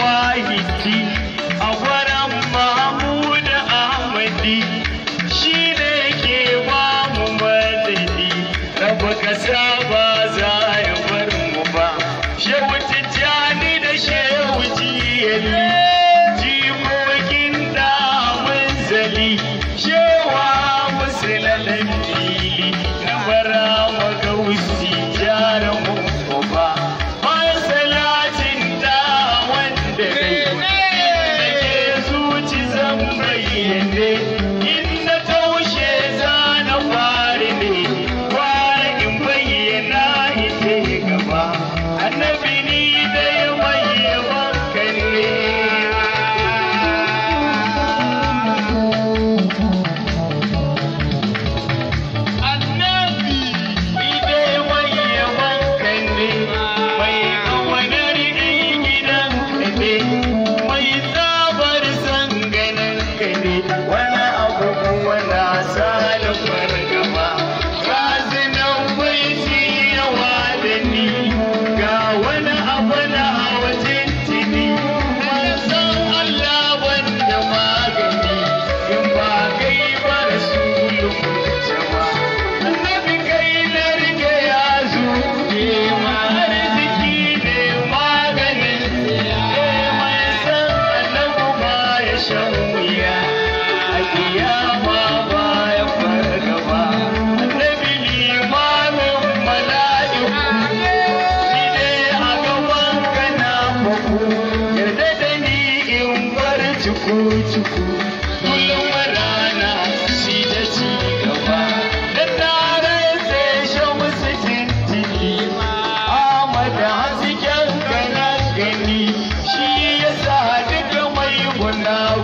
愛知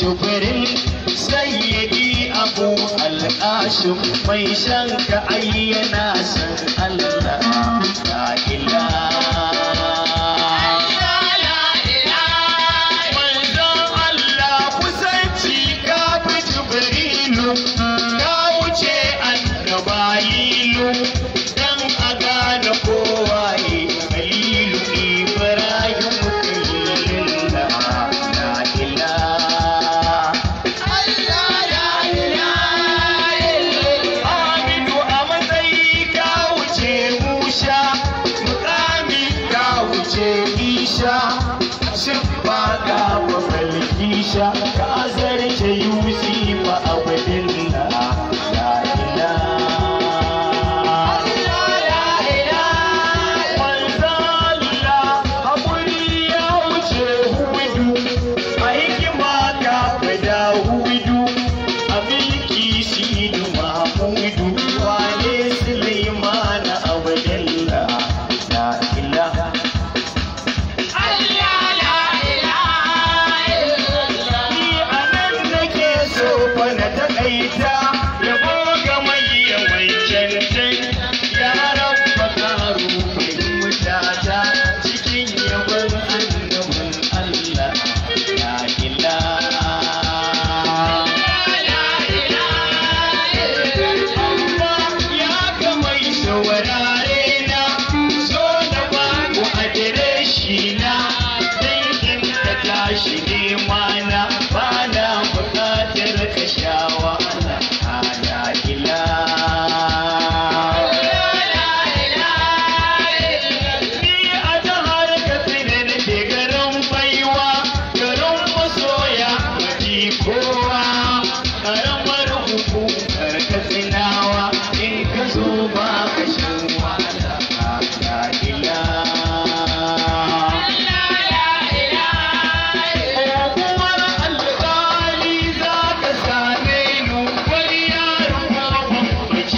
ya sayyidi abu alƙashin mai shanka ayyana san Allah shin ba ga wa malki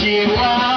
She was.